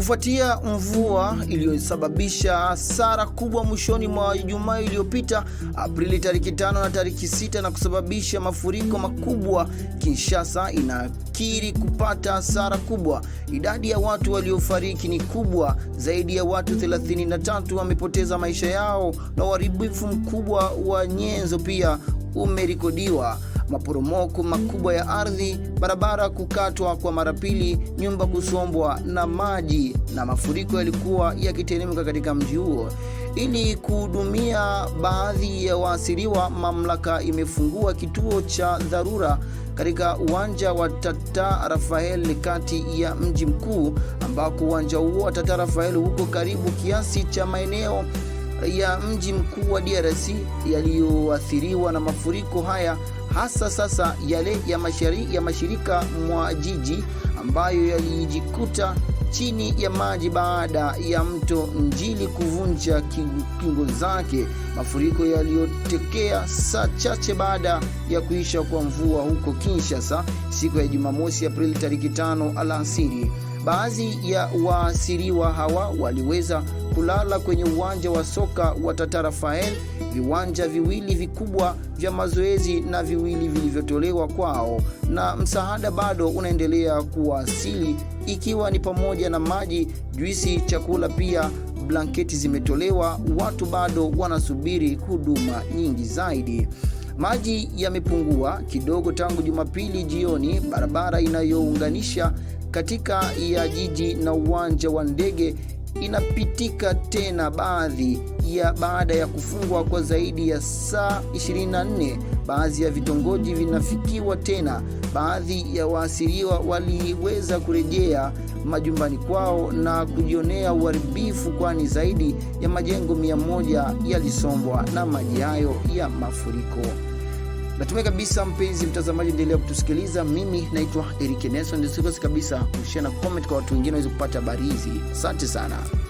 Kufuatia mvua iliyosababisha hasara kubwa mwishoni mwa Ijumaa iliyopita Aprili tariki 5 na tariki 6 na kusababisha mafuriko makubwa, Kinshasa inakiri kupata hasara kubwa. Idadi ya watu waliofariki ni kubwa, zaidi ya watu 33 wamepoteza maisha yao na uharibifu mkubwa wa nyenzo pia umerekodiwa: maporomoko makubwa ya ardhi, barabara kukatwa kwa mara pili, nyumba kusombwa na maji, na mafuriko yalikuwa yakiteremka katika mji huo. Ili kuhudumia baadhi ya waasiriwa, mamlaka imefungua kituo cha dharura katika uwanja wa Tata Rafael kati ya mji mkuu, ambako uwanja huo wa Tata Rafael huko karibu kiasi cha maeneo ya mji mkuu wa DRC yaliyoathiriwa na mafuriko haya, hasa sasa yale ya, mashari, ya mashirika mwa jiji ambayo yalijikuta chini ya maji baada ya mto Njili kuvunja kingo zake, mafuriko yaliyotekea saa chache baada ya kuisha kwa mvua huko Kinshasa siku ya Jumamosi Aprili tariki 5 alasiri. Baadhi ya waasiriwa hawa waliweza kulala kwenye uwanja wa soka wa Tata Rafael, viwanja viwili vikubwa vya mazoezi na viwili vilivyotolewa kwao, na msaada bado unaendelea kuwasili, ikiwa ni pamoja na maji, juisi, chakula pia blanketi zimetolewa. Watu bado wanasubiri huduma nyingi zaidi. Maji yamepungua kidogo tangu Jumapili jioni. Barabara inayounganisha katika ya jiji na uwanja wa ndege inapitika tena baadhi ya baada ya kufungwa kwa zaidi ya saa 24. Baadhi ya vitongoji vinafikiwa tena. Baadhi ya waasiriwa waliweza kurejea majumbani kwao na kujionea uharibifu, kwani zaidi ya majengo 100 yalisombwa na maji hayo ya mafuriko. Natumai kabisa mpenzi mtazamaji, endelea kutusikiliza. Mimi naitwa Eric Nelson, nisikosi kabisa kushare na comment kwa watu wengine waweze kupata habari hizi. Asante sana.